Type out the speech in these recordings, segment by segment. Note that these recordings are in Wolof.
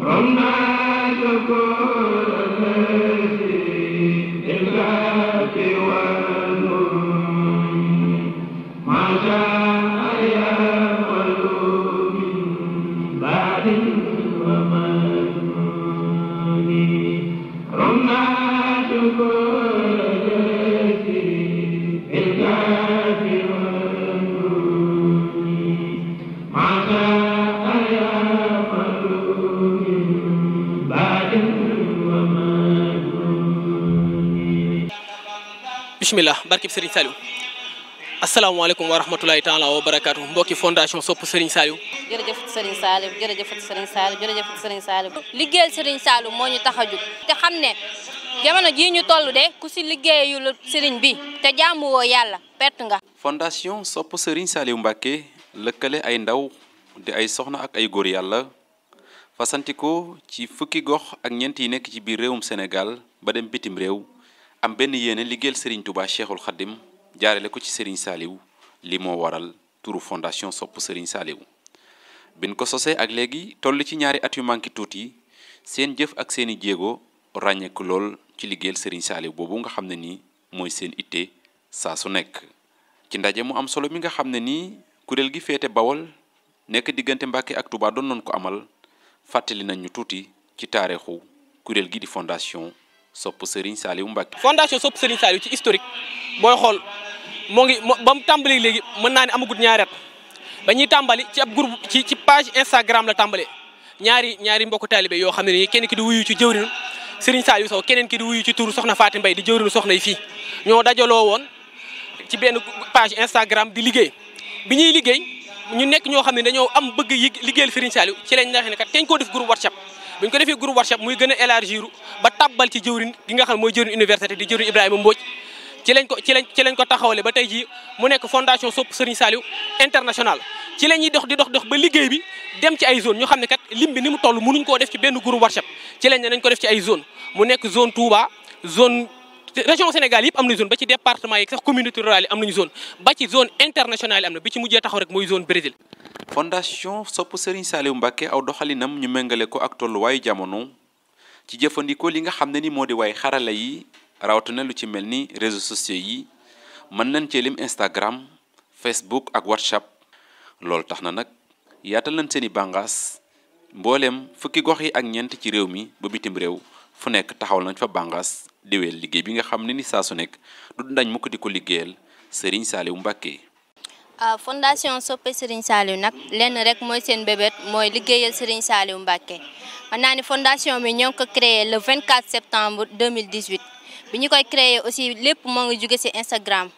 Ramadan bismillah barkib Serigne Saliou asalaamaaleykum wa rahmatulahi taala wa mbokki fondation sopp Serigne Saliou jërëjëf Serigne Saliou jërëjëf Serigne Saliou jërëjëf Serigne Saliou liggéeyal Serigne Saliou moo ñu tax te xam ne jamono jii ñu toll de ku ci liggéeyul sëriñ bi te jaamu woo yàlla perte nga fondation sopp Serigne Saliou Mbacke lëkkale ay ndaw di ay soxna ak ay góor yàlla fasantikoo ci fukki gox ak ñeent yi nekk ci biir réewum Sénégal ba dem bitim réew am benn yéene liggéeyal Serigne Touba Cheikhul Khadim jaarale ko ci Serigne Saliou lii moo waral turu fondation sopp Serigne Saliou bin ko sosee ak léegi toll ci ñaari at manqué tuuti seen jëf ak seeni jéego ràññeeku lool ci liggéeyal Serigne Saliou boobu nga xam ne nii mooy seen itte saa su nekk. ci ndaje mu am solo mi nga xam ne nii kuréel gi féete Bawol nekk diggante Mbàkke ak Touba doon nañ ko amal fàttali nañ ñu tuuti ci taarixu kuréel gi di fondation. sopp Serigne Saliou Mbacké. fondation sopp Serigne Saliou ci historique booy xool moo ngi ba mu tàmbali léegi mën naa ne amagut ñaar at ba ñuy tàmbali ci ab groupe ci ci page Instagram la tàmbalee ñaari ñaari mbokku taalibe yoo xam ne nii kenn ki di wuyu ci jëwriñu Serigne Saliou Sow keneen ki di wuyu ci turu Soxna Faati Mbay di jëwriñu soxna yi fii ñoo dajaloo woon ci benn page Instagram di liggéey bi ñuy liggéey ñu nekk ñoo xam ne dañoo am bëgg liggéeyal Serigne Saliou ci lañ neexee ne def groupe WhatsApp. bu ñu ko defee groupe WhatsApp muy gën a élargir ba tabbal ci jëwrin gi nga xam mooy jëwrin université di jëwrin Ibrahima Mbodj ci lañ ko ci lañ ci ko taxawale ba tey jii mu nekk fondation Sopp Serigne Saliou international ci la ñuy dox di dox dox ba liggéey bi dem ci ay zone ñu xam ne kat lim bi ni mu toll mënuñ koo def ci benn groupe WhatsApp ci lañ ne nañ ko def ci ay zone mu nekk zone Touba zone région Sénégal yëpp am nañ zone ba ci département yi sax communauté taxaw rek mooy zone Brésil fondation sopp Serigne Saliou Mbacké aw doxalinam ñu méngale ko ak waayu jamono ci jëfandikoo li nga xam ne ni moo di waay xarala yi rawatu rawatina lu ci mel ni réseaux sociaux yi mën lañ cee lim Instagram Facebook ak WhatsApp loolu tax na nag yaatal lañ seeni bangaas bàngaas mbooleem fukki gox yi ak ñeent ci réew mi ba bitim réew fu nekk taxawal nañ fa bàngaas diweel liggéey bi nga xam ne ni saa su nekk du dañ mukk di ko liggéeyal Serigne Saliou Mbacké Euh, fondation Soppe Serigne Saliou nag lenn rek mooy seen bébét mooy liggéeyal Serigne Saliou Mbacké man naa ni fondation bi ñoo ngi ko créé le 24 septembre 2018 bi ñu koy créé aussi lépp moo ngi juge si Instagram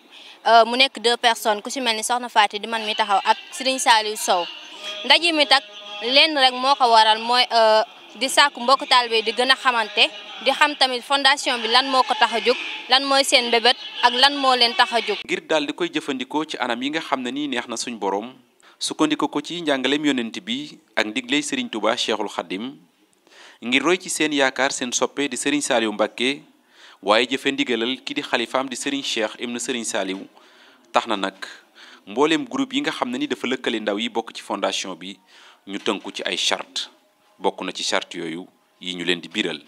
euh, mu nekk deux personnes ku si mel ni soxna Faati di man mi taxaw ak Serigne Saliou Sow ndaje mi tak lenn rek moo ko waral mooy euh, di sàkku mbokk taalibe di gën a xamante di xam tamit fondation bi lan moo ko tax a jóg lan mooy seen mbébét ak lan moo leen tax a jóg. ngir daal di koy jëfandikoo ci anam yi nga xam ne nii neex na suñ borom sukkandiku ko ci njàngaleem yonent bi ak ndigley Serigne Touba Cheikhul Khadim ngir roy ci seen yaakaar seen soppe di Serigne Saliou Mbacké waaye jëfe ndigalal ki di xalifaam di Serigne Cheikh na Serigne Saliou tax na nag mbooleem groupe yi nga xam ne ni dafa lëkkale ndaw yi bokk ci fondation bi ñu tënku ci ay charte bokk na ci charte yooyu yi ñu leen di biiral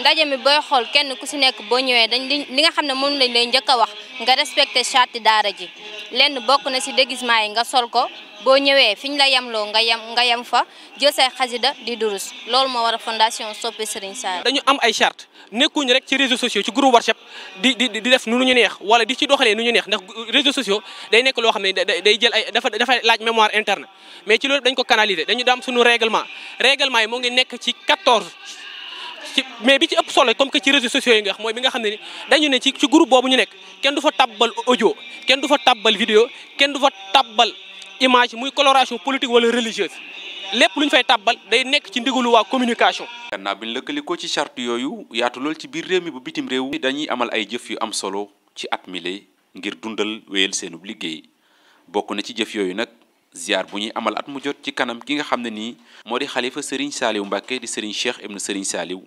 ndaje mi booy xool kenn ku si nekk boo ñëwee dañ li nga xam ne moom lañ lay njëkk a wax nga respecté charte daara ji lenn bokk na si déguisement yi nga sol ko boo ñëwee fi ñu la yamloo nga yam nga yam fa jël say xasida di durus loolu moo war a fondation Soppe Serigne Saliou dañu am ay charte nekkuñu rek ci réseaux sociaux ci groupe WhatsApp di di def nu ñu neex wala di ci doxalee nu ñu neex ndax réseaux sociaux day nekk loo xam ne day jël ay dafa dafay laaj mémoire interne mais ci loolu dañ ko canaliser dañu daam suñu règlement règlement yi moo ngi nekk ci 14 ci mais bi ci ëpp solo comme que ci réseaux sociaux yi nga wax mooy bi xam ne ni dañu ne ci ci groupe boobu ñu nekk kenn du fa tabbal audio kenn du fa tabbal vidéo kenn du fa tabbal image muy coloration politique wala religieuse lépp lu ñu fay tabbal day nekk ci ndigalu waa communication. gannaaw bi ñu lëkkalikoo ci charte yooyu yaatu lool ci biir réew mi bu bitim réew. dañuy amal ay jëf yu am solo ci at mile ngir dundal wéyal seenub liggéey bokk na ci jëf yooyu nag. ziar bu ñuy amal at mu jot ci kanam ki nga xam ne nii moo di xalifa Serigne Saliou Mbacke di Serigne Cheikh ibn Serigne Saliou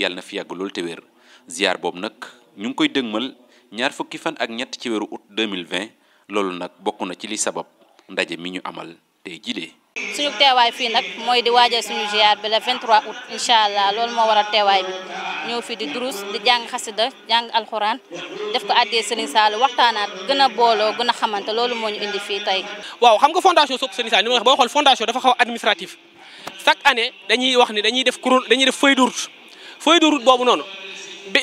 yàlla na fi yàgg lool te wér ziar boobu nag ñu ngi koy dëgmal ñaar fukki fan ak ñett ci weeru août 2020 loolu nag bokk na ci li sabab ndaje mi ñu amal tey jilee suñu teewaay fii nag mooy di waajal suñu ziar bi le 23 août incha allah loolu moo waral teewaay bi ñëw fi di durus di jàng xasida jàng alxuraan def ko addee Serigne Sall waxtaanaat gën a booloo gën a xamante loolu moo ñu indi fii tey. waaw xam nga fondation Sopp Serigne Sall ni ma wax boo xool fondation dafa xaw administratif chaque année de route fooy de route boobu noonu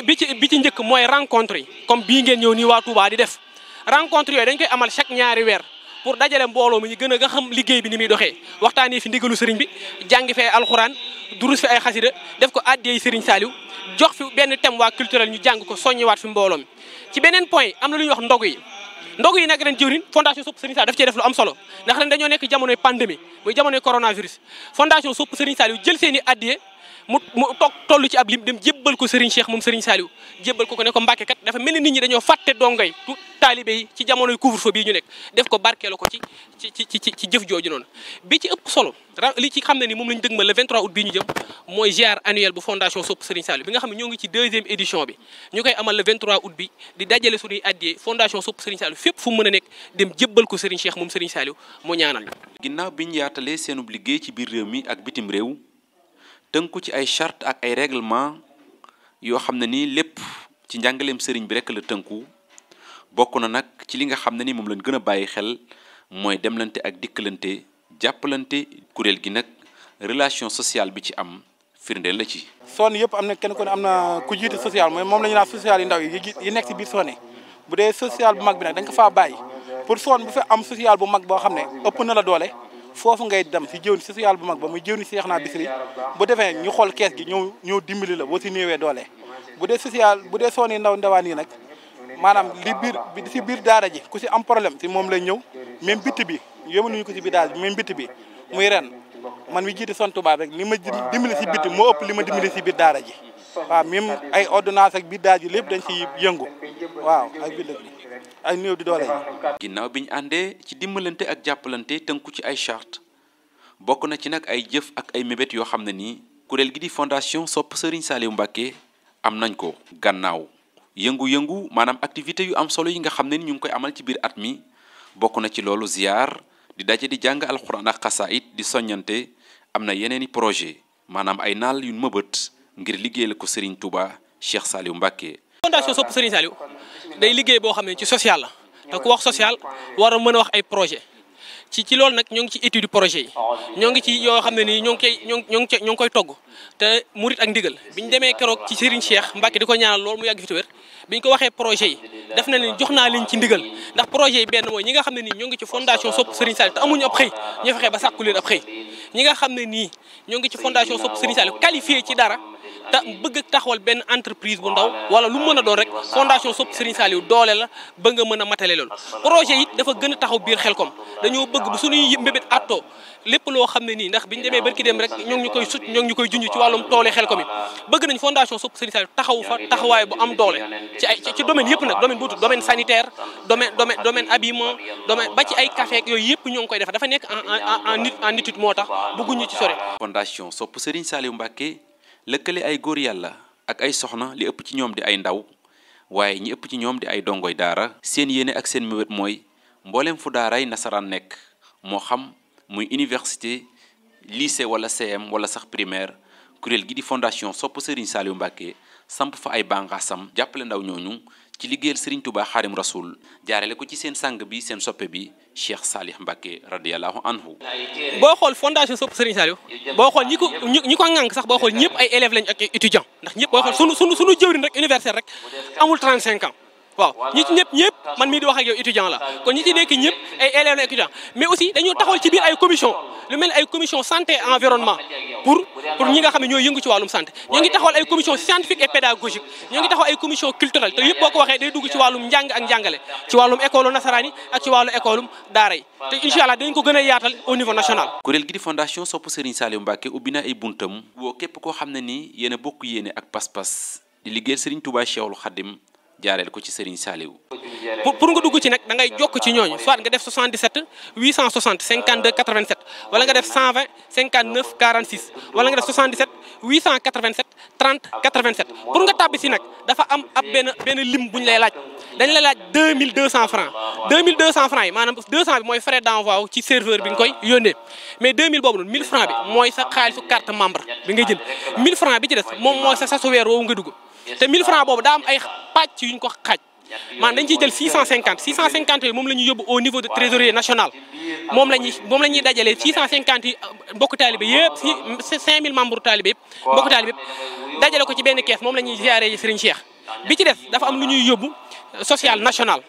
bi ci bi ci njëkk mooy rencontre yi comme bii ngeen ñëw nii waa Touba di def rencontre yooyu dañ koy amal chaque ñaari weer pour dajale mbooloo mi ñu gën a nga xam liggéey bi ni muy doxee waxtaanee fi ndigalu sëriñ bi jàngi fi ay alxuraan durus fi ay xasida def ko addiyey sëriñ Saliou jox fi benn tem waa culturel ñu jàng ko waat fi mbooloo mi ci beneen point am na lu ñu wax ndogu yi ndogu yi nag ren jiwrin fondation Sopp Serigne Saliou lu am solo ndax dañoo nekk jamonoy pandémie muy jamonoy coronavirus fondation Sopp Serigne Saliou jël seen i addiye mu mu toog toll ci ab lim dem jébbal ko Serigne Cheikh moom Serigne Saliou jébbal ko ko ne ko Mbàkke kat dafa ni nit dañoo fàtte dongay tu taalibe yi ci jamonoy bii ñu nekk def ko barkeelu ko ci ci ci ci ci jëf jooju noonu. bi ci ëpp solo li ci xam ne moom la ñu dëgmal le 23 août bii mooy ziar annuel bu fondation Sopp bi nga xam ne ñoo ngi ci deuxième édition bi ñu koy amal le 23 août bi di dajale suñuy addiyee fépp fu mu mën a ko Serigne Cheikh moom Serigne Saliou mu ñaanal ñu. ginnaaw bi ñu yaatalee seenub liggéey ci biir réew mi ak bitim réew tënku ci ay charte ak ay réglement yoo xam ne nii lépp ci njàngaleem sëriñ bi rek la tënku bokk na nag ci li nga xam ne ni moom lañ gën a bàyyi xel mooy demlante ak dikkalante jàppalante kuréel gi nag relation sociale bi ci am firndeel la ci. sonn yëpp am na kenn ku ne am na ku jiite social mooy moom la ñu naan social yu ndaw yi yi nekk si biir sonné bu dee social bu mag bi nag dañ ko faa bàyyi pour sonn bu fa am social bu mag boo xam ne ëpp na la doole. foofu ngay dem si jëwni social bu mag ba muy jëwni si yax naa bisiri bu defee ñu xool kees gi ñëw ñëw dimbali la boo si néewee doole bu dee social bu dee sooni ndaw ndawaan yi nag maanaam li biir bi si biir daara ji ku si am problème si moom lay ñëw même bitt bi yémanuñu ko si biir daara ji même bitt bi muy ren man mi jiite son tubaab rek li ma dimbali si bitti moo ëpp li ma dimbali si biir daara ji waaw même ay ordonnance ak biir daara ji lépp dañ si yëngu waaw ay néew di doole yi. ginnaaw bi ñu àndee ci dimbalante ak jàppalante tënku ci ay charte bokk na ci nag ay jëf ak ay mébét yoo xam ne nii kuréel gi di fondation sopp Serigne Saliou Mbacké am nañ ko. gannaaw yëngu-yëngu maanaam activité yu am solo yi nga xam ne ni ñu ngi koy amal ci biir at mi bokk na ci loolu ziar di daje di jàng alxuraan ak xasaayit di soññante am na yeneeni projet maanaam ay naal yu mëbët ngir liggéeyal ko Serigne Touba Cheikh Saliou Mbacké. fondation day liggéey boo xam ne ci social la te ku wax social war a mën a wax ay projet ci ci loolu nag ñoo ngi ci étude projet yi ñoo ngi ci yoo xam ne nii ñoo ngi koy ñoo ngi ñoo ngi koy togg te murit ak ndigal biñ demee keroog ci Serigne Cheikh Mbacke di ko ñaanal loolu mu yàgg fi tuwér biñ ko waxee projet def na ni jox naa leen ci ndigal ndax projet benn mooy ñi nga xam ne nii ñoo ngi ci fondation sopp Serigne Saliou te nga xam ne nii ñoo ngi ci fondation sopp Serigne Saliou qualifié ci dara ta bëgg taxawal benn entreprise bu ndaw wala lu mën a doon rek fondation Sopp Serigne Saliou doole la ba nga mën a matale loolu projet it dafa gën a taxaw biir Xelkom dañoo bëgg bu suñuy mbébét attoo lépp loo xam ne nii ndax ñu demee barki dem rek ñoo ngi ñu koy sut ñu koy junj ci wàllum toole Xelkom yi bëgg nañ fondation Sopp Serigne Saliou taxaw fa taxawaay bu am doole ci ay ci domaine yëpp nag domaine boobu domaine sanitaire domaine domaine domaine habillement domaine ba yooyu yëpp ñoo ngi koy def dafa nekk en en en étude moo tax bëgguñu ci sore fondation Sopp Serigne Saliou Mbacké lëkkale ay góor yàlla ak ay soxna li ëpp ci ñoom di ay ndaw waaye ñi ëpp ci ñoom di ay dongoy daara seen yéene ak seen mébét mooy mbooleem fu daaray nasaraan nekk moo xam muy université lycée wala CM wala sax primaire kuréel gi di fondation sopp Serigne Saliou Mbacké samp fa ay bànqaasam jàppale ndaw ñooñu ci liggéeyal Serigne Touba Xaadim Rasul jaarale ko ci seen sang bi seen soppe bi Cheikh Salih Mbacke radiyallahu anhu. boo xool fondation sopp Serigne Saliou boo xool ñi ko ñi ko ŋànk sax boo xool ñëpp ay élèves lañ ak étudiants ndax ñëpp boo xool sunu sunu sunu jëwriñ rek universitaire rek amul cinq ans. waaw ñi ci ñëpp ñëpp man mii di wax ak yow étudiant la kon ñi ci nekk ñëpp ay élèves la étudiant mais aussi dañoo taxawal ci biir ay commission lu mel ni ay commission santé environnement pour ñi nga xam ne ñooy yëngu ci wàllum santé ñoo ngi taxawal ay commission scientifique et pédagogique ñoo ngi taxawal ay commission culturelle te yëpp boo ko waxee day dugg ci wàllum njàng ak njàngale ci wàllum école nasaraan ak ci wàllu école daara te incha allah dañ ko gën a yaatal au niveau national kuréel gi di fondation Sopp Serigne Saliou Mbacké ubbi na ay buntam woo képp koo xam ne nii yéen a bokk yéene ak pas-pas di liggéeyal Serigne Touba Cheikhoul Khadim jaareel ko ci Serigne Saliou. pour nga dugg ci nag da jokk ci ñooñu soit nga def 77 860 52 87 wala nga def 120 59 46 wala nga def 77 887. 30 87 pour nga tàbbi si nag dafa am ab benn benn lim bu ñu lay laaj dañ lay laaj 2200 francs 2200 francs yi maanaam 200 bi mooy frais d'envoi ci serveur bi nga koy yónnee mais boobu noonu 1000 francs bi mooy sa xaalisu carte membre bi nga jël 1000 francs bi ci des moom mooy sa sasu weer nga dugg te 1000 francs boobu daa am ay pàcc yu ñu ko xaaj maanaam dañ ciy jël 650 650 yooyu moom la yóbbu au niveau de moom la ñuy moom la ñuy dajale 650 yi mbokk taalibe yëpp si 5000 membres taalibe yëpp mbokk taalibe yëpp dajale ko ci benn kees moom la ñuy ziare yi Serigne bi ci def dafa am lu ñuy yóbbu social national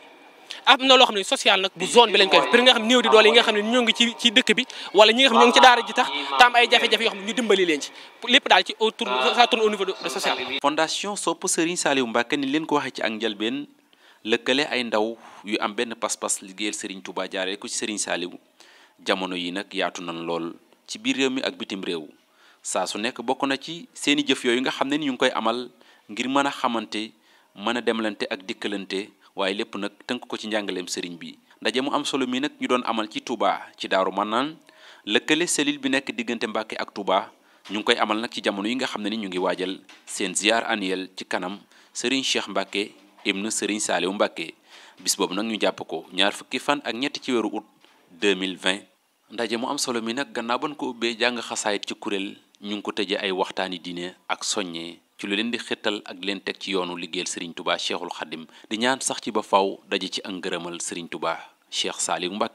am na loo xam ne social nag bi lañ koy def pour nga xam ne ñoo ngi ci ci dëkk bi wala ñi nga xam ñoo ngi ci daara ji tax tam ay jafe-jafe yoo xam ñu dimbali leen ci lépp daal ci autour ça tourne au niveau de social. fondation Sopp Serigne Saliou Mbacké ni leen ko waxee ci ak njëlbeen lëkkale ay ndaw yu am benn pas-pas liggéeyal Serigne Touba ko ci Serigne Saliou jamono yi nag yaatu nañ lool ci biir réew mi ak bitim réew saa su nekk bokk na ci seeni jëf yooyu nga xam ne ni ñu ngi koy amal ngir mën a xamante mën a demlante ak dikkalante waaye lépp nag tënk ko ci njàngaleem sëriñ bi ndaje mu am solo mi nag ñu doon amal ci Touba ci Daaru naan lëkkale selil bi nekk diggante Mbàkke ak Touba ñu ngi koy amal nag ci jamono yi nga xam ne ni ñu ngi waajal seen ziar annuel ci kanam sëriñ Cheikh Mbàkke ibn sëriñ Saaliwu Mbàkke bis boobu nag ñu jàpp ko ñaar fukki fan ak ñetti ci weeru 2020 ndaje mu am solo mi nag gannaaw ban ko ubbee jàng xasaayit ci kuréel ñu ngi ko tëjee ay waxtaani diine ak soññee ci lu leen di xettal ak leen teg ci yoonu liggéeyal Serigne Touba Cheikhul Khadim di ñaan sax ci ba faw daje ci ak ngërëmal Serigne Touba Cheikh Saliou Mbacké